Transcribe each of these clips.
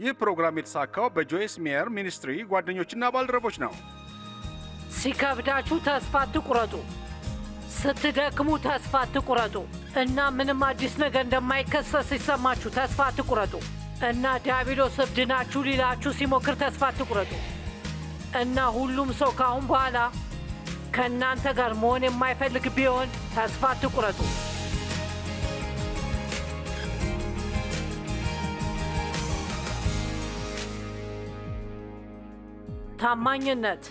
ይህ ፕሮግራም የተሳካው በጆይስ ሜየር ሚኒስትሪ ጓደኞችና ባልደረቦች ነው። ሲከብዳችሁ ተስፋ አትቁረጡ፣ ስትደክሙ ተስፋ አትቁረጡ እና ምንም አዲስ ነገር እንደማይከሰት ሲሰማችሁ ተስፋ አትቁረጡ እና ዲያብሎስ እብድናችሁ ሊላችሁ ሲሞክር ተስፋ አትቁረጡ እና ሁሉም ሰው ከአሁን በኋላ ከእናንተ ጋር መሆን የማይፈልግ ቢሆን ተስፋ አትቁረጡ። ታማኝነት።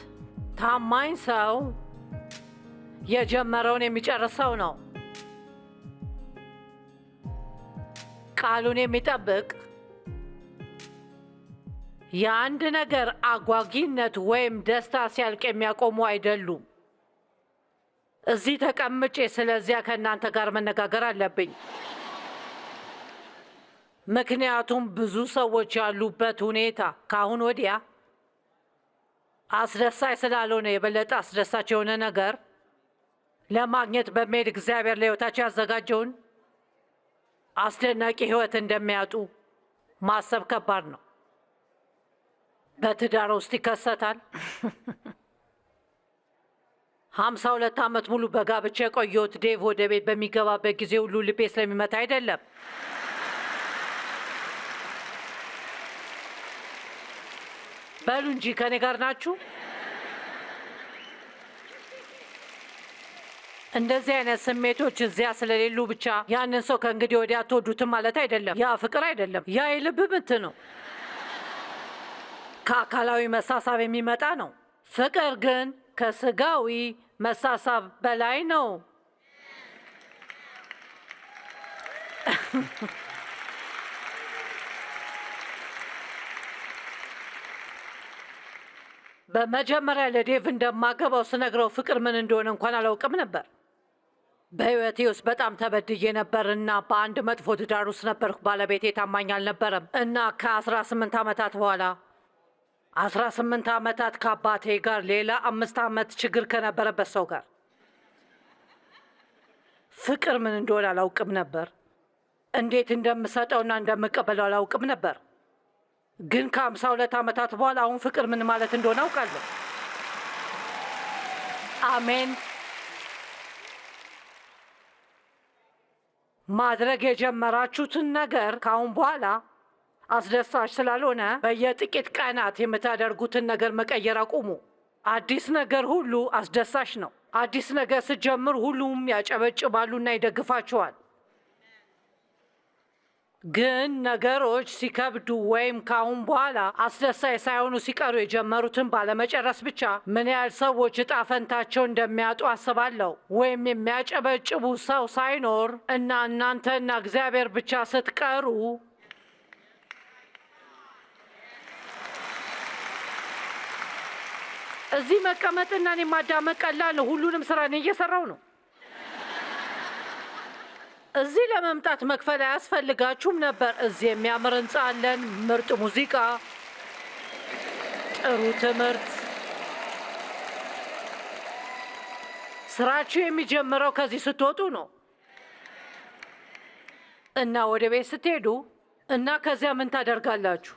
ታማኝ ሰው የጀመረውን የሚጨርስ ሰው ነው። ቃሉን የሚጠብቅ የአንድ ነገር አጓጊነት ወይም ደስታ ሲያልቅ የሚያቆሙ አይደሉም። እዚህ ተቀምጬ ስለዚያ ከእናንተ ጋር መነጋገር አለብኝ። ምክንያቱም ብዙ ሰዎች ያሉበት ሁኔታ ከአሁን ወዲያ አስደሳች ስላልሆነ የበለጠ አስደሳች የሆነ ነገር ለማግኘት በመሄድ እግዚአብሔር ለሕይወታቸው ያዘጋጀውን አስደናቂ ሕይወት እንደሚያጡ ማሰብ ከባድ ነው። በትዳር ውስጥ ይከሰታል። ሀምሳ ሁለት ዓመት ሙሉ በጋብቻ የቆየሁት ዴቭ ወደ ቤት በሚገባበት ጊዜ ሁሉ ልቤ ስለሚመታ አይደለም። በሉ እንጂ ከኔ ጋር ናችሁ። እንደዚህ አይነት ስሜቶች እዚያ ስለሌሉ ብቻ ያንን ሰው ከእንግዲህ ወዲያ አትወዱትም ማለት አይደለም። ያ ፍቅር አይደለም፣ ያ የልብ ምት ነው። ከአካላዊ መሳሳብ የሚመጣ ነው። ፍቅር ግን ከስጋዊ መሳሳብ በላይ ነው። በመጀመሪያ ለዴቭ እንደማገባው ስነግረው ፍቅር ምን እንደሆነ እንኳን አላውቅም ነበር። በህይወቴ ውስጥ በጣም ተበድዬ ነበር እና በአንድ መጥፎ ትዳር ውስጥ ነበርኩ። ባለቤቴ ታማኝ አልነበረም እና ከ18 ዓመታት በኋላ 18 ዓመታት ከአባቴ ጋር ሌላ አምስት ዓመት ችግር ከነበረበት ሰው ጋር ፍቅር ምን እንደሆነ አላውቅም ነበር። እንዴት እንደምሰጠውና እንደምቀበለው አላውቅም ነበር። ግን ከአምሳ ሁለት ዓመታት በኋላ አሁን ፍቅር ምን ማለት እንደሆነ አውቃለሁ። አሜን። ማድረግ የጀመራችሁትን ነገር ከአሁን በኋላ አስደሳች ስላልሆነ በየጥቂት ቀናት የምታደርጉትን ነገር መቀየር አቁሙ። አዲስ ነገር ሁሉ አስደሳች ነው። አዲስ ነገር ስትጀምሩ ሁሉም ያጨበጭባሉና ይደግፋችኋል። ግን ነገሮች ሲከብዱ ወይም ካሁን በኋላ አስደሳይ ሳይሆኑ ሲቀሩ የጀመሩትን ባለመጨረስ ብቻ ምን ያህል ሰዎች እጣፈንታቸው እንደሚያጡ አስባለሁ። ወይም የሚያጨበጭቡ ሰው ሳይኖር እና እናንተና እግዚአብሔር ብቻ ስትቀሩ እዚህ መቀመጥና እኔ ማዳመጥ ቀላል ነው። ሁሉንም ስራ እኔ እየሰራው ነው። እዚህ ለመምጣት መክፈል አያስፈልጋችሁም ነበር። እዚህ የሚያምር ህንፃ አለን፣ ምርጥ ሙዚቃ፣ ጥሩ ትምህርት። ስራችሁ የሚጀምረው ከዚህ ስትወጡ ነው እና ወደ ቤት ስትሄዱ እና ከዚያ ምን ታደርጋላችሁ?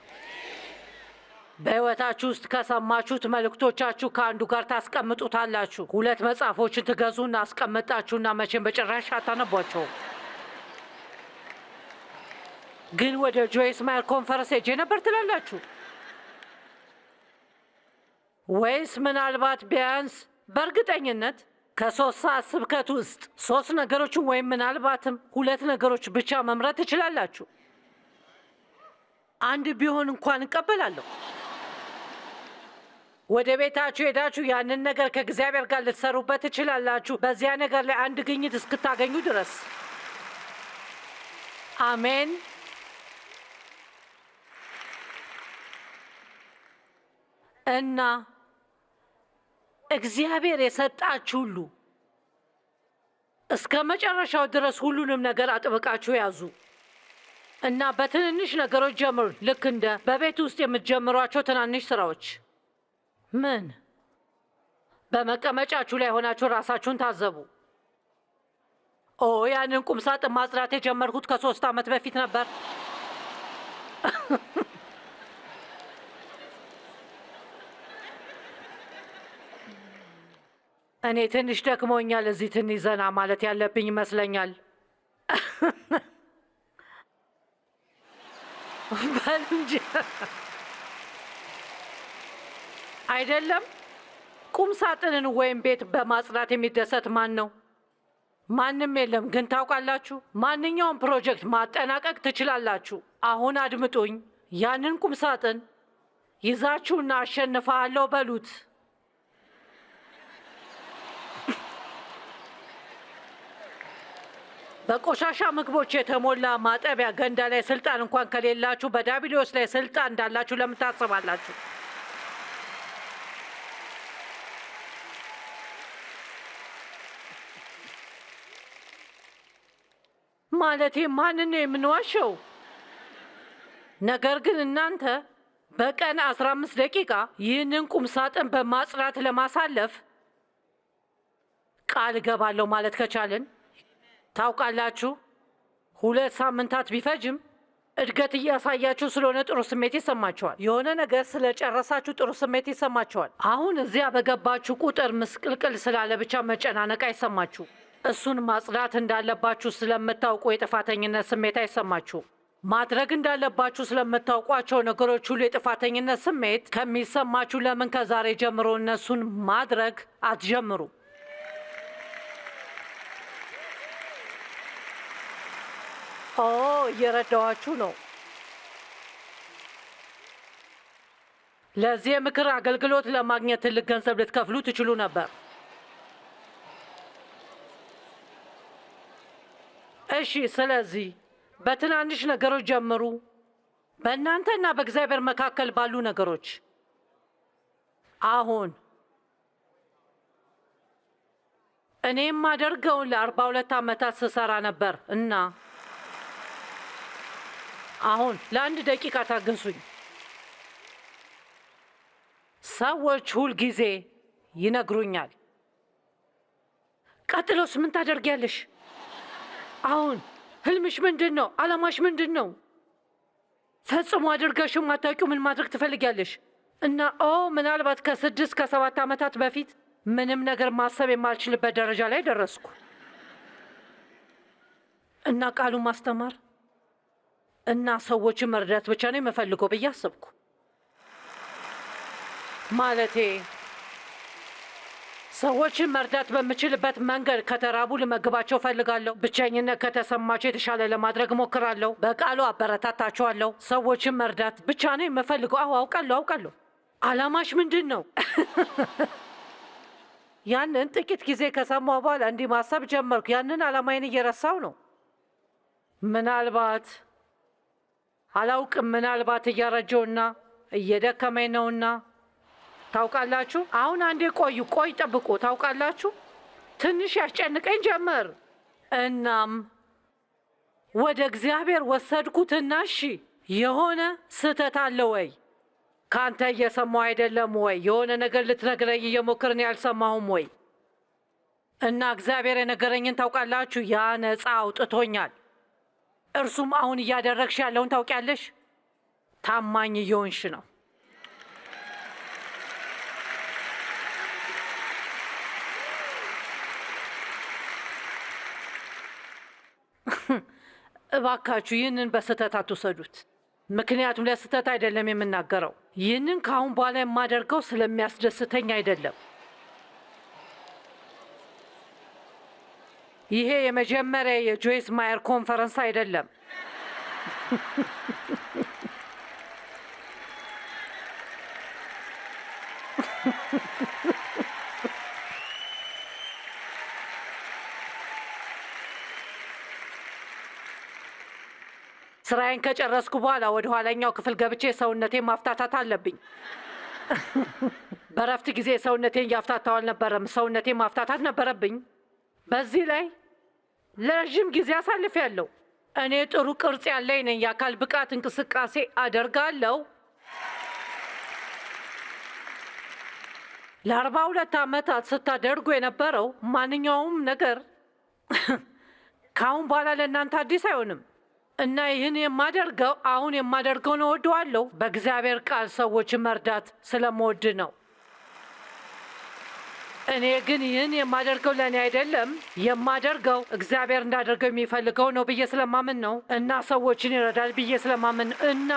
በህይወታችሁ ውስጥ ከሰማችሁት መልእክቶቻችሁ ከአንዱ ጋር ታስቀምጡታላችሁ። ሁለት መጽሐፎችን እና አስቀመጣችሁና መቼም በጭራሽ አታነቧቸውም። ግን ወደ ጆይስ ማየር ኮንፈረንስ ሄጄ ነበር ትላላችሁ ወይስ ምናልባት ቢያንስ በእርግጠኝነት ከሶስት ሰዓት ስብከት ውስጥ ሶስት ነገሮችን ወይም ምናልባትም ሁለት ነገሮች ብቻ መምረት ትችላላችሁ። አንድ ቢሆን እንኳን እቀበላለሁ። ወደ ቤታችሁ ሄዳችሁ ያንን ነገር ከእግዚአብሔር ጋር ልትሰሩበት ትችላላችሁ፣ በዚያ ነገር ላይ አንድ ግኝት እስክታገኙ ድረስ። አሜን። እና እግዚአብሔር የሰጣችሁ ሁሉ እስከ መጨረሻው ድረስ ሁሉንም ነገር አጥብቃችሁ ያዙ እና በትንንሽ ነገሮች ጀምሩ። ልክ እንደ በቤት ውስጥ የምትጀምሯቸው ትናንሽ ስራዎች። ምን በመቀመጫችሁ ላይ ሆናችሁ ራሳችሁን ታዘቡ። ኦ ያንን ቁምሳጥን ማጽዳት የጀመርኩት ከሶስት ዓመት በፊት ነበር። እኔ ትንሽ ደክሞኛል። እዚህ ትንሽ ዘና ማለት ያለብኝ ይመስለኛል። በል እንጂ አይደለም። ቁም ሳጥንን ወይም ቤት በማጽዳት የሚደሰት ማን ነው? ማንም የለም። ግን ታውቃላችሁ፣ ማንኛውም ፕሮጀክት ማጠናቀቅ ትችላላችሁ። አሁን አድምጡኝ። ያንን ቁም ሳጥን ይዛችሁና አሸንፋለሁ በሉት። በቆሻሻ ምግቦች የተሞላ ማጠቢያ ገንዳ ላይ ስልጣን እንኳን ከሌላችሁ በዳቢሊዮስ ላይ ስልጣን እንዳላችሁ ለምን ታስባላችሁ? ማለቴ ማንን ነው የምንዋሸው? ነገር ግን እናንተ በቀን 15 ደቂቃ ይህንን ቁም ሳጥን በማጽዳት ለማሳለፍ ቃል እገባለሁ ማለት ከቻልን ታውቃላችሁ፣ ሁለት ሳምንታት ቢፈጅም እድገት እያሳያችሁ ስለሆነ ጥሩ ስሜት ይሰማችኋል። የሆነ ነገር ስለጨረሳችሁ ጥሩ ስሜት ይሰማችኋል። አሁን እዚያ በገባችሁ ቁጥር ምስቅልቅል ስላለ ብቻ መጨናነቅ አይሰማችሁ። እሱን ማጽዳት እንዳለባችሁ ስለምታውቁ የጥፋተኝነት ስሜት አይሰማችሁ። ማድረግ እንዳለባችሁ ስለምታውቋቸው ነገሮች ሁሉ የጥፋተኝነት ስሜት ከሚሰማችሁ ለምን ከዛሬ ጀምሮ እነሱን ማድረግ አትጀምሩ? እየረዳዋችሁ ነው። ለዚህ የምክር አገልግሎት ለማግኘት ትልቅ ገንዘብ ልትከፍሉ ትችሉ ነበር። እሺ፣ ስለዚህ በትናንሽ ነገሮች ጀምሩ፣ በእናንተና በእግዚአብሔር መካከል ባሉ ነገሮች። አሁን እኔም አደርገውን ለአርባ ሁለት ዓመታት ስሰራ ነበር እና አሁን ለአንድ ደቂቃ ታገሱኝ። ሰዎች ሁልጊዜ ይነግሩኛል። ቀጥሎስ ምን ታደርጊያለሽ? አሁን ህልምሽ ምንድን ነው? አላማሽ ምንድን ነው? ፈጽሞ አድርገሽም ማታውቂው ምን ማድረግ ትፈልጊያለሽ? እና ኦ ምናልባት ከስድስት ከሰባት ዓመታት በፊት ምንም ነገር ማሰብ የማልችልበት ደረጃ ላይ ደረስኩ እና ቃሉን ማስተማር እና ሰዎችን መርዳት ብቻ ነው የምፈልገው ብዬ አሰብኩ። ማለቴ ሰዎችን መርዳት በምችልበት መንገድ ከተራቡ ልመግባቸው ፈልጋለሁ። ብቸኝነት ከተሰማቸው የተሻለ ለማድረግ ሞክራለሁ። በቃሉ አበረታታቸዋለሁ። ሰዎችን መርዳት ብቻ ነው የምፈልገው። አሁ አውቃለሁ አውቃለሁ። አላማሽ ምንድን ነው? ያንን ጥቂት ጊዜ ከሰማ በኋላ እንዲህ ማሰብ ጀመርኩ። ያንን አላማዬን እየረሳው ነው ምናልባት አላውቅም። ምናልባት እያረጀውና እየደከመኝ ነውና ታውቃላችሁ። አሁን አንዴ ቆዩ፣ ቆይ ጠብቁ። ታውቃላችሁ ትንሽ ያስጨንቀኝ ጀመር። እናም ወደ እግዚአብሔር ወሰድኩትና እሺ የሆነ ስህተት አለ ወይ? ካንተ እየሰማሁ አይደለም ወይ? የሆነ ነገር ልትነግረኝ እየሞክርን ያልሰማሁም ወይ? እና እግዚአብሔር የነገረኝን ታውቃላችሁ፣ ያ ነፃ አውጥቶኛል። እርሱም አሁን እያደረግሽ ያለውን ታውቂያለሽ። ታማኝ እየሆንሽ ነው። እባካችሁ ይህንን በስህተት አትውሰዱት። ምክንያቱም ለስህተት አይደለም የምናገረው። ይህንን ከአሁን በኋላ የማደርገው ስለሚያስደስተኝ አይደለም ይሄ የመጀመሪያ የጆይስ ማየር ኮንፈረንስ አይደለም። ስራዬን ከጨረስኩ በኋላ ወደ ኋላኛው ክፍል ገብቼ ሰውነቴን ማፍታታት አለብኝ። በረፍት ጊዜ ሰውነቴን እያፍታታው አልነበረም። ሰውነቴን ማፍታታት ነበረብኝ። በዚህ ላይ ለረዥም ጊዜ አሳልፍ ያለው እኔ ጥሩ ቅርጽ ያለኝ ነኝ። የአካል ብቃት እንቅስቃሴ አደርጋለሁ። ለአርባ ሁለት ዓመታት ስታደርጉ የነበረው ማንኛውም ነገር ከአሁን በኋላ ለእናንተ አዲስ አይሆንም እና ይህን የማደርገው አሁን የማደርገውን እወደዋለሁ። በእግዚአብሔር ቃል ሰዎች መርዳት ስለምወድ ነው። እኔ ግን ይህን የማደርገው ለእኔ አይደለም። የማደርገው እግዚአብሔር እንዳደርገው የሚፈልገው ነው ብዬ ስለማምን ነው እና ሰዎችን ይረዳል ብዬ ስለማምን እና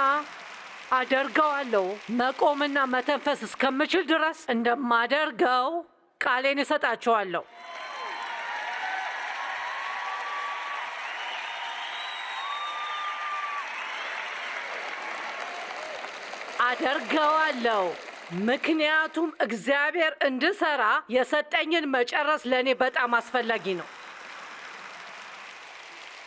አደርገዋለሁ። መቆምና መተንፈስ እስከምችል ድረስ እንደማደርገው ቃሌን እሰጣችኋለሁ። አደርገዋለሁ። ምክንያቱም እግዚአብሔር እንድሰራ የሰጠኝን መጨረስ ለእኔ በጣም አስፈላጊ ነው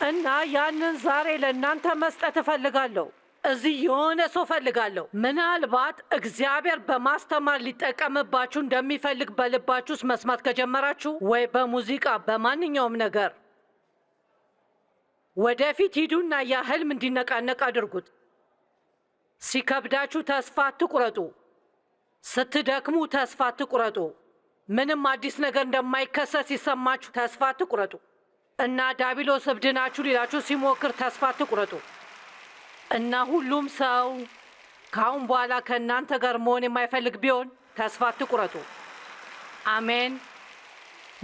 እና ያንን ዛሬ ለእናንተ መስጠት እፈልጋለሁ። እዚህ የሆነ ሰው ፈልጋለሁ። ምናልባት እግዚአብሔር በማስተማር ሊጠቀምባችሁ እንደሚፈልግ በልባችሁ ውስጥ መስማት ከጀመራችሁ ወይ በሙዚቃ በማንኛውም ነገር ወደፊት ሂዱና ያ ህልም እንዲነቃነቅ አድርጉት። ሲከብዳችሁ ተስፋ አትቁረጡ። ስትደክሙ ተስፋ ትቁረጡ። ምንም አዲስ ነገር እንደማይከሰት ሲሰማችሁ ተስፋ ትቁረጡ እና ዳቢሎስ እብድናችሁ ሌላችሁ ሊላችሁ ሲሞክር ተስፋ ትቁረጡ እና ሁሉም ሰው ከአሁን በኋላ ከእናንተ ጋር መሆን የማይፈልግ ቢሆን ተስፋ ትቁረጡ። አሜን።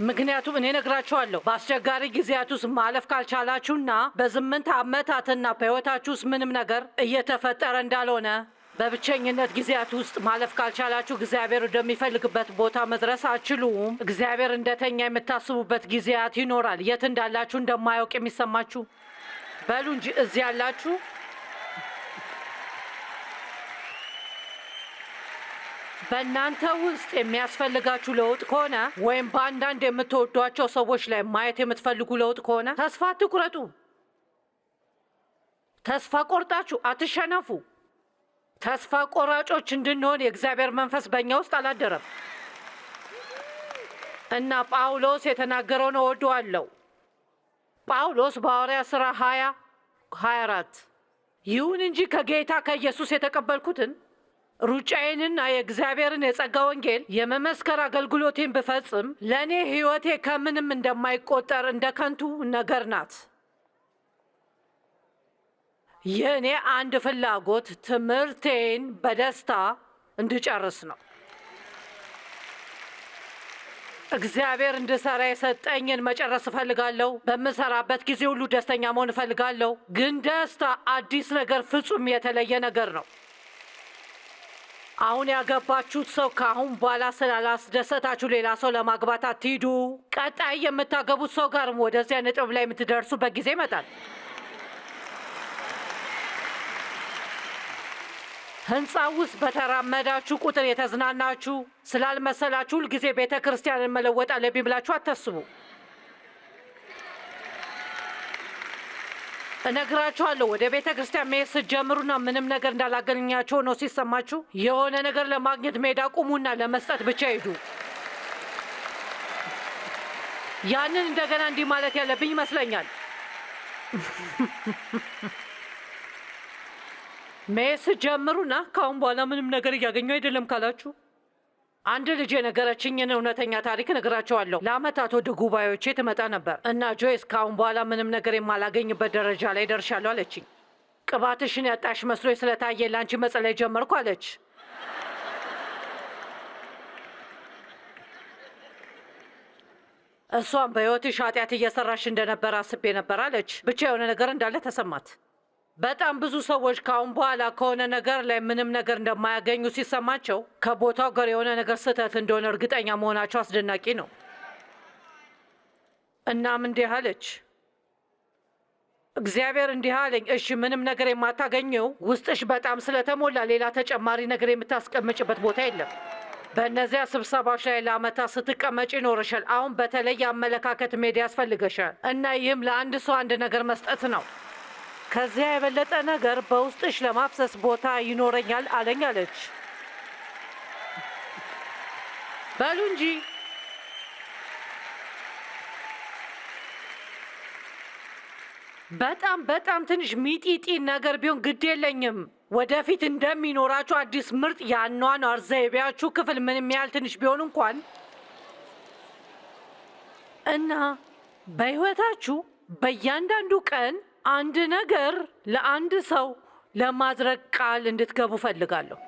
ምክንያቱም እኔ ነግራችኋለሁ በአስቸጋሪ ጊዜያት ውስጥ ማለፍ ካልቻላችሁና በስምንት አመታትና በሕይወታችሁ ውስጥ ምንም ነገር እየተፈጠረ እንዳልሆነ በብቸኝነት ጊዜያት ውስጥ ማለፍ ካልቻላችሁ እግዚአብሔር ወደሚፈልግበት ቦታ መድረስ አችሉም። እግዚአብሔር እንደተኛ የምታስቡበት ጊዜያት ይኖራል። የት እንዳላችሁ እንደማያውቅ የሚሰማችሁ በሉ እንጂ እዚህ ያላችሁ በእናንተ ውስጥ የሚያስፈልጋችሁ ለውጥ ከሆነ ወይም በአንዳንድ የምትወዷቸው ሰዎች ላይ ማየት የምትፈልጉ ለውጥ ከሆነ ተስፋ አትቁረጡ። ተስፋ ቆርጣችሁ አትሸነፉ። ተስፋ ቆራጮች እንድንሆን የእግዚአብሔር መንፈስ በእኛ ውስጥ አላደረም እና ጳውሎስ የተናገረውን እወደዋለሁ። ጳውሎስ በሐዋርያ ሥራ 20 24 ይሁን እንጂ ከጌታ ከኢየሱስ የተቀበልኩትን ሩጫዬንና የእግዚአብሔርን የጸጋ ወንጌል የመመስከር አገልግሎቴን ብፈጽም ለእኔ ሕይወቴ ከምንም እንደማይቆጠር እንደ ከንቱ ነገር ናት። የእኔ አንድ ፍላጎት ትምህርቴን በደስታ እንድጨርስ ነው። እግዚአብሔር እንድሰራ የሰጠኝን መጨረስ እፈልጋለሁ። በምሰራበት ጊዜ ሁሉ ደስተኛ መሆን እፈልጋለሁ። ግን ደስታ አዲስ ነገር፣ ፍጹም የተለየ ነገር ነው። አሁን ያገባችሁት ሰው ከአሁን በኋላ ስላላስደሰታችሁ ሌላ ሰው ለማግባት አትሂዱ። ቀጣይ የምታገቡት ሰው ጋርም ወደዚያ ነጥብ ላይ የምትደርሱበት ጊዜ ይመጣል። ህንፃ ውስጥ በተራመዳችሁ ቁጥር የተዝናናችሁ ስላልመሰላችሁ ሁልጊዜ ቤተ ክርስቲያን መለወጥ አለብኝ ብላችሁ አታስቡ። እነግራችኋለሁ ወደ ቤተ ክርስቲያን መሄድ ስትጀምሩና ምንም ነገር እንዳላገኛቸው ነው ሲሰማችሁ፣ የሆነ ነገር ለማግኘት መሄድ አቁሙና ለመስጠት ብቻ ሂዱ። ያንን እንደገና እንዲህ ማለት ያለብኝ ይመስለኛል። ሜስ ጀምሩና ካሁን በኋላ ምንም ነገር እያገኘሁ አይደለም ካላችሁ አንድ ልጅ የነገረችኝን እውነተኛ ታሪክ ነግራቸዋለሁ። ለአመታት ወደ ጉባኤዎቼ ትመጣ ነበር እና ጆይስ ካሁን በኋላ ምንም ነገር የማላገኝበት ደረጃ ላይ ደርሻለሁ አለችኝ። ቅባትሽን ያጣሽ መስሎ ስለታየ ላንቺ መጸለይ ጀመርኩ አለች። እሷም በሕይወትሽ ኃጢአት እየሰራሽ እንደነበረ አስቤ ነበር አለች። ብቻ የሆነ ነገር እንዳለ ተሰማት። በጣም ብዙ ሰዎች ከአሁን በኋላ ከሆነ ነገር ላይ ምንም ነገር እንደማያገኙ ሲሰማቸው ከቦታው ጋር የሆነ ነገር ስህተት እንደሆነ እርግጠኛ መሆናቸው አስደናቂ ነው። እናም እንዲህ አለች፣ እግዚአብሔር እንዲህ አለኝ፣ እሺ ምንም ነገር የማታገኘው ውስጥሽ በጣም ስለተሞላ ሌላ ተጨማሪ ነገር የምታስቀምጭበት ቦታ የለም። በእነዚያ ስብሰባዎች ላይ ለአመታት ስትቀመጭ ይኖርሻል። አሁን በተለይ አመለካከት ሜዳ ያስፈልገሻል እና ይህም ለአንድ ሰው አንድ ነገር መስጠት ነው። ከዚያ የበለጠ ነገር በውስጥሽ ለማፍሰስ ቦታ ይኖረኛል አለኝ አለች። በሉ እንጂ በጣም በጣም ትንሽ ሚጢጢ ነገር ቢሆን ግድ የለኝም። ወደፊት እንደሚኖራችሁ አዲስ ምርጥ የአኗኗር ዘይቤያችሁ ክፍል ምንም ያህል ትንሽ ቢሆን እንኳን እና በሕይወታችሁ በእያንዳንዱ ቀን አንድ ነገር ለአንድ ሰው ለማድረግ ቃል እንድትገቡ ፈልጋለሁ።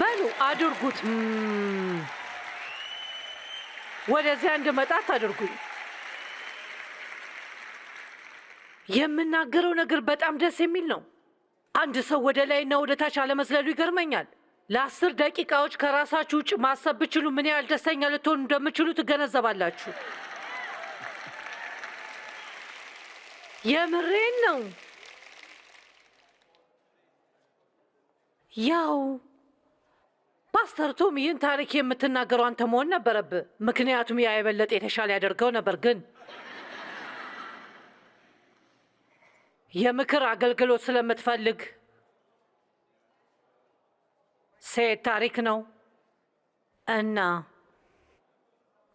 በሉ አድርጉት። ወደዚያ እንድመጣ አታድርጉኝ። የምናገረው ነገር በጣም ደስ የሚል ነው። አንድ ሰው ወደ ላይና ወደ ታች አለመዝለሉ ይገርመኛል። ለአስር ደቂቃዎች ከራሳችሁ ውጭ ማሰብ ብችሉ ምን ያህል ደስተኛ ልትሆኑ እንደምችሉ ትገነዘባላችሁ። የምሬን ነው። ያው ፓስተር ቶም ይህን ታሪክ የምትናገረው አንተ መሆን ነበረብህ። ምክንያቱም ያ የበለጠ የተሻለ ያደርገው ነበር። ግን የምክር አገልግሎት ስለምትፈልግ ሴት ታሪክ ነው እና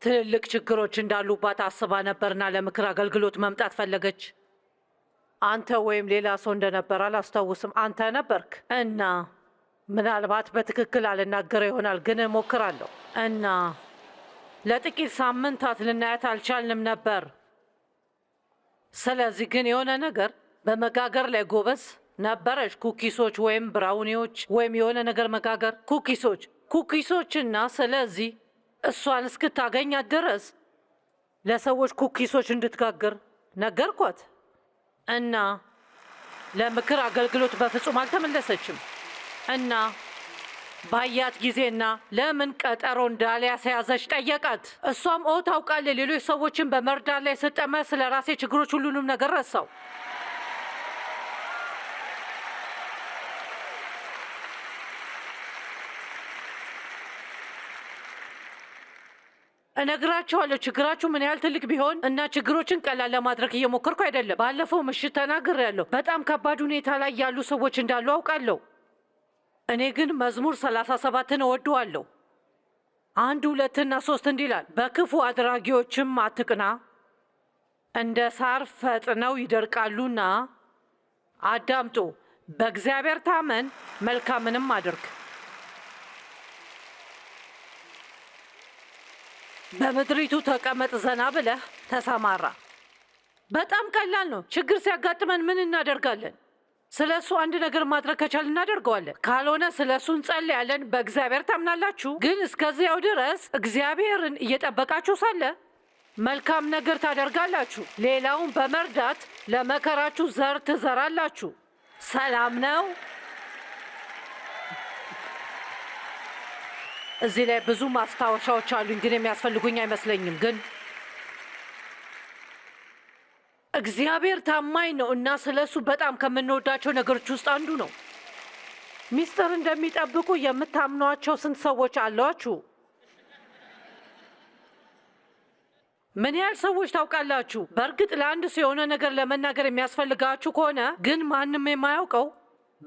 ትልልቅ ችግሮች እንዳሉባት አስባ ነበርና ለምክር አገልግሎት መምጣት ፈለገች። አንተ ወይም ሌላ ሰው እንደነበር አላስታውስም። አንተ ነበርክ እና ምናልባት በትክክል አልናገረ ይሆናል ግን እሞክራለሁ። እና ለጥቂት ሳምንታት ልናያት አልቻልንም ነበር። ስለዚህ ግን የሆነ ነገር በመጋገር ላይ ጎበዝ ነበረች። ኩኪሶች ወይም ብራውኒዎች ወይም የሆነ ነገር መጋገር ኩኪሶች ኩኪሶችና ስለዚህ እሷን እስክታገኛት ድረስ ለሰዎች ኩኪሶች እንድትጋግር ነገርኳት። እና ለምክር አገልግሎት በፍጹም አልተመለሰችም እና ባያት ጊዜና ለምን ቀጠሮ እንዳልያዘች ጠየቃት። እሷም ኦ ታውቃለህ፣ ሌሎች ሰዎችን በመርዳት ላይ ስጠመ ስለ ራሴ ችግሮች ሁሉንም ነገር ረሳው። እነግራቸዋለሁ ችግራችሁ ምን ያህል ትልቅ ቢሆን እና ችግሮችን ቀላል ለማድረግ እየሞከርኩ አይደለም። ባለፈው ምሽት ተናግሬያለሁ። በጣም ከባድ ሁኔታ ላይ ያሉ ሰዎች እንዳሉ አውቃለሁ። እኔ ግን መዝሙር ሰላሳ ሰባትን እወደዋለሁ። አንድ ሁለትና ሶስት እንዲህ ይላል፣ በክፉ አድራጊዎችም አትቅና፣ እንደ ሳር ፈጥነው ይደርቃሉና። አዳምጡ፣ በእግዚአብሔር ታመን፣ መልካምንም አድርግ። በምድሪቱ ተቀመጥ ዘና ብለህ ተሰማራ። በጣም ቀላል ነው። ችግር ሲያጋጥመን ምን እናደርጋለን? ስለ እሱ አንድ ነገር ማድረግ ከቻል እናደርገዋለን፣ ካልሆነ ስለ እሱ እንጸልያለን። በእግዚአብሔር ታምናላችሁ። ግን እስከዚያው ድረስ እግዚአብሔርን እየጠበቃችሁ ሳለ መልካም ነገር ታደርጋላችሁ። ሌላውን በመርዳት ለመከራችሁ ዘር ትዘራላችሁ። ሰላም ነው። እዚህ ላይ ብዙ ማስታወሻዎች አሉኝ፣ ግን የሚያስፈልጉኝ አይመስለኝም። ግን እግዚአብሔር ታማኝ ነው እና ስለ እሱ በጣም ከምንወዳቸው ነገሮች ውስጥ አንዱ ነው። ሚስጥር እንደሚጠብቁ የምታምኗቸው ስንት ሰዎች አሏችሁ? ምን ያህል ሰዎች ታውቃላችሁ? በእርግጥ ለአንድ ሰው የሆነ ነገር ለመናገር የሚያስፈልጋችሁ ከሆነ ግን ማንም የማያውቀው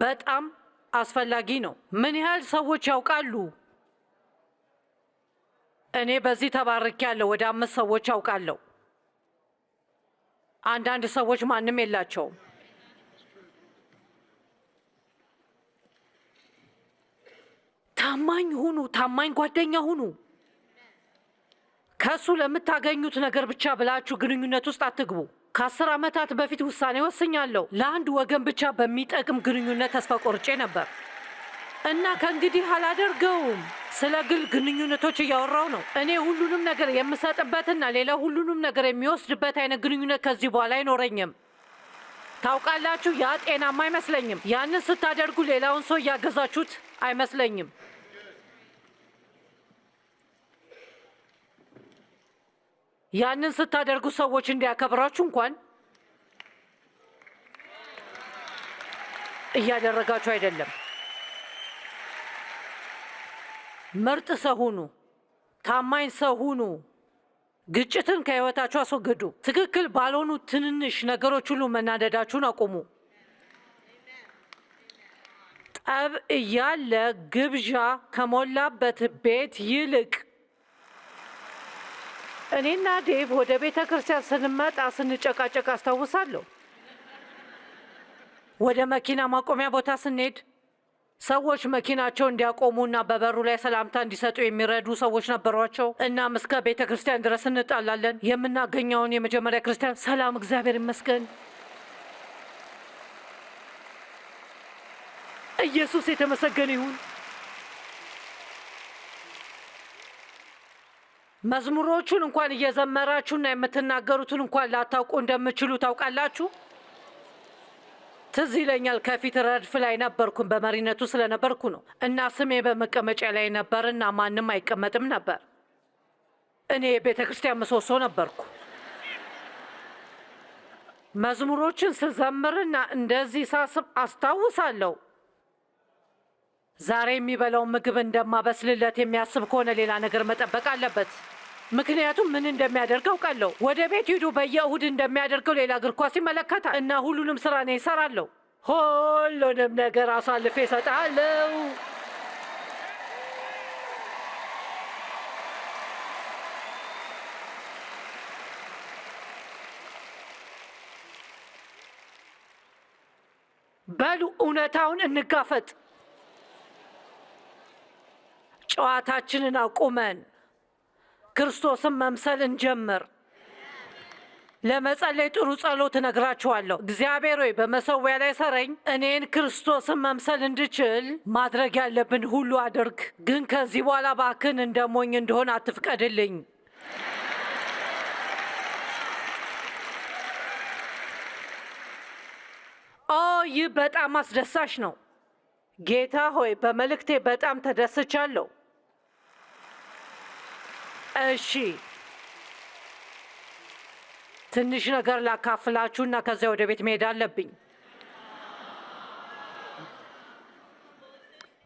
በጣም አስፈላጊ ነው። ምን ያህል ሰዎች ያውቃሉ? እኔ በዚህ ተባርኬ ያለሁ ወደ አምስት ሰዎች አውቃለሁ። አንዳንድ ሰዎች ማንም የላቸውም። ታማኝ ሁኑ፣ ታማኝ ጓደኛ ሁኑ። ከእሱ ለምታገኙት ነገር ብቻ ብላችሁ ግንኙነት ውስጥ አትግቡ። ከአስር ዓመታት በፊት ውሳኔ ወስኛለሁ። ለአንድ ወገን ብቻ በሚጠቅም ግንኙነት ተስፋ ቆርጬ ነበር እና ከእንግዲህ አላደርገውም። ስለ ግል ግንኙነቶች እያወራው ነው። እኔ ሁሉንም ነገር የምሰጥበትና ሌላ ሁሉንም ነገር የሚወስድበት አይነት ግንኙነት ከዚህ በኋላ አይኖረኝም። ታውቃላችሁ፣ ያ ጤናማ አይመስለኝም። ያንን ስታደርጉ ሌላውን ሰው እያገዛችሁት አይመስለኝም። ያንን ስታደርጉ ሰዎች እንዲያከብራችሁ እንኳን እያደረጋችሁ አይደለም። ምርጥ ሰው ሁኑ። ታማኝ ሰው ሁኑ። ግጭትን ከህይወታችሁ አስወግዱ። ትክክል ባልሆኑ ትንንሽ ነገሮች ሁሉ መናደዳችሁን አቁሙ። ጠብ እያለ ግብዣ ከሞላበት ቤት ይልቅ እኔና ዴቭ ወደ ቤተ ክርስቲያን ስንመጣ ስንጨቃጨቅ አስታውሳለሁ። ወደ መኪና ማቆሚያ ቦታ ስንሄድ ሰዎች መኪናቸው እንዲያቆሙና በበሩ ላይ ሰላምታ እንዲሰጡ የሚረዱ ሰዎች ነበሯቸው። እናም እስከ ቤተ ክርስቲያን ድረስ እንጣላለን። የምናገኘውን የመጀመሪያ ክርስቲያን ሰላም፣ እግዚአብሔር ይመስገን። ኢየሱስ የተመሰገነ ይሁን። መዝሙሮቹን እንኳን እየዘመራችሁና የምትናገሩትን እንኳን ላታውቁ እንደምችሉ ታውቃላችሁ። ትዝ ይለኛል ከፊት ረድፍ ላይ ነበርኩን፣ በመሪነቱ ስለነበርኩ ነው። እና ስሜ በመቀመጫ ላይ ነበር እና ማንም አይቀመጥም ነበር። እኔ የቤተ ክርስቲያን ምሰሶ ነበርኩ። መዝሙሮችን ስዘምርና እንደዚህ ሳስብ አስታውሳለሁ። ዛሬ የሚበላው ምግብ እንደማበስልለት የሚያስብ ከሆነ ሌላ ነገር መጠበቅ አለበት። ምክንያቱም ምን እንደሚያደርገው ቀለው ወደ ቤት ሂዱ። በየእሁድ እንደሚያደርገው ሌላ እግር ኳስ ይመለከታል እና ሁሉንም ስራ ነ እሰራለሁ። ሁሉንም ነገር አሳልፌ ይሰጣለው በሉ እውነታውን እንጋፈጥ። ጨዋታችንን አቁመን ክርስቶስን መምሰል እንጀምር። ለመጸለይ ጥሩ ጸሎት እነግራችኋለሁ። እግዚአብሔር ሆይ በመሰዊያ ላይ ሰረኝ፣ እኔን ክርስቶስን መምሰል እንድችል ማድረግ ያለብን ሁሉ አድርግ። ግን ከዚህ በኋላ ባክን እንደ ሞኝ እንደሆን አትፍቀድልኝ። ኦ ይህ በጣም አስደሳች ነው። ጌታ ሆይ በመልእክቴ በጣም ተደስቻለሁ። እሺ ትንሽ ነገር ላካፍላችሁና ከዚያ ወደ ቤት መሄድ አለብኝ።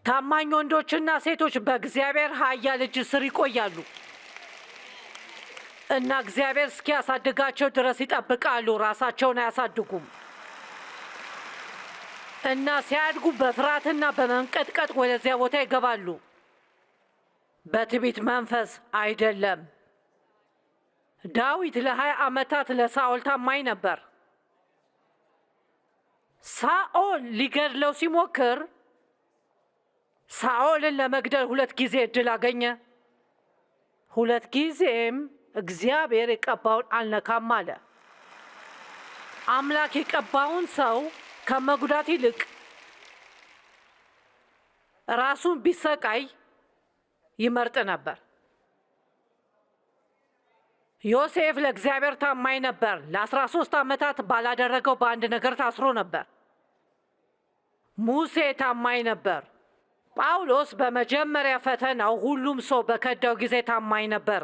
ታማኝ ወንዶችና ሴቶች በእግዚአብሔር ሀያ ልጅ ስር ይቆያሉ እና እግዚአብሔር እስኪያሳድጋቸው ድረስ ይጠብቃሉ። ራሳቸውን አያሳድጉም እና ሲያድጉ በፍርሃትና በመንቀጥቀጥ ወደዚያ ቦታ ይገባሉ። በትቢት መንፈስ አይደለም። ዳዊት ለሀያ ዓመታት ለሳኦል ታማኝ ነበር። ሳኦል ሊገድለው ሲሞክር ሳኦልን ለመግደል ሁለት ጊዜ እድል አገኘ። ሁለት ጊዜም እግዚአብሔር የቀባውን አልነካም አለ። አምላክ የቀባውን ሰው ከመጉዳት ይልቅ ራሱን ቢሰቃይ ይመርጥ ነበር። ዮሴፍ ለእግዚአብሔር ታማኝ ነበር። ለአስራ ሶስት ዓመታት ባላደረገው በአንድ ነገር ታስሮ ነበር። ሙሴ ታማኝ ነበር። ጳውሎስ በመጀመሪያ ፈተናው ሁሉም ሰው በከዳው ጊዜ ታማኝ ነበር።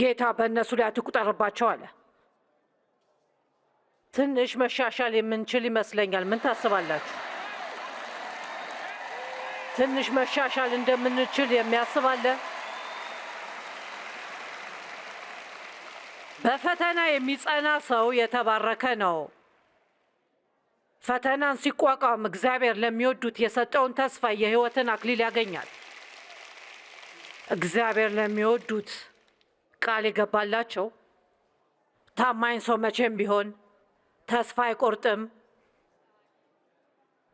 ጌታ በእነሱ ላይ አትቁጠርባቸው አለ። ትንሽ መሻሻል የምንችል ይመስለኛል። ምን ታስባላችሁ? ትንሽ መሻሻል እንደምንችል የሚያስብ አለ። በፈተና የሚጸና ሰው የተባረከ ነው። ፈተናን ሲቋቋም እግዚአብሔር ለሚወዱት የሰጠውን ተስፋ የሕይወትን አክሊል ያገኛል። እግዚአብሔር ለሚወዱት ቃል የገባላቸው ታማኝ ሰው መቼም ቢሆን ተስፋ አይቆርጥም።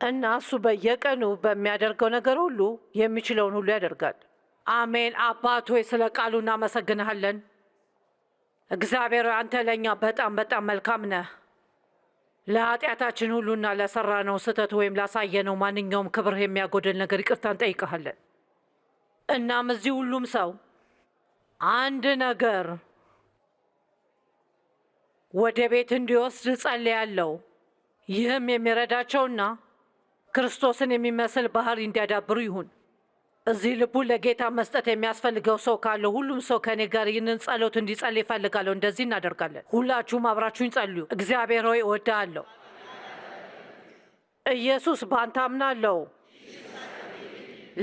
እና እሱ በየቀኑ በሚያደርገው ነገር ሁሉ የሚችለውን ሁሉ ያደርጋል። አሜን። አባት ሆይ ስለ ቃሉ እናመሰግንሃለን። እግዚአብሔር አንተ ለእኛ በጣም በጣም መልካም ነህ። ለኃጢአታችን ሁሉና ለሰራነው ስህተት ወይም ላሳየነው ማንኛውም ክብር የሚያጎደል ነገር ይቅርታ እንጠይቀሃለን። እናም እዚህ ሁሉም ሰው አንድ ነገር ወደ ቤት እንዲወስድ ጸልያለሁ። ይህም የሚረዳቸውና ክርስቶስን የሚመስል ባህሪ እንዲያዳብሩ ይሁን። እዚህ ልቡ ለጌታ መስጠት የሚያስፈልገው ሰው ካለው ሁሉም ሰው ከእኔ ጋር ይህንን ጸሎት እንዲጸል ይፈልጋለሁ። እንደዚህ እናደርጋለን። ሁላችሁም አብራችሁኝ ጸልዩ። እግዚአብሔር ሆይ እወድሃለሁ። ኢየሱስ በአንተ አምናለሁ።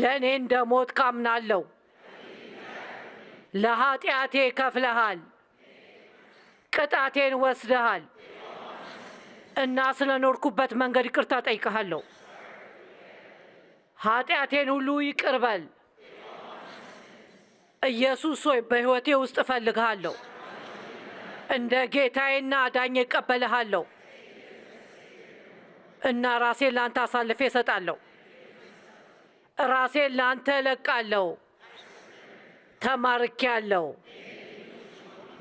ለእኔ እንደ ሞት ካምናለሁ። ለኃጢአቴ ከፍለሃል፣ ቅጣቴን ወስደሃል እና ስለኖርኩበት መንገድ ይቅርታ ጠይቀሃለሁ። ኃጢአቴን ሁሉ ይቅር በል። ኢየሱስ ሆይ በሕይወቴ ውስጥ እፈልግሃለሁ። እንደ ጌታዬና አዳኝ እቀበልሃለሁ እና ራሴን ለአንተ አሳልፌ እሰጣለሁ። ራሴን ለአንተ እለቃለሁ። ተማርኬያለሁ።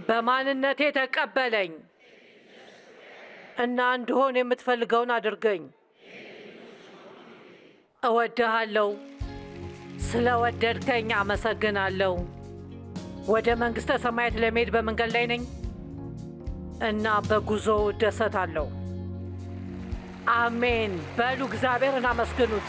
በማንነቴ ተቀበለኝ እና እንድሆን የምትፈልገውን አድርገኝ። እወድሃለሁ። ስለ ወደድከኝ አመሰግናለሁ። ወደ መንግሥተ ሰማያት ለመሄድ በመንገድ ላይ ነኝ እና በጉዞው እደሰታለሁ። አሜን በሉ። እግዚአብሔርን አመስግኑት።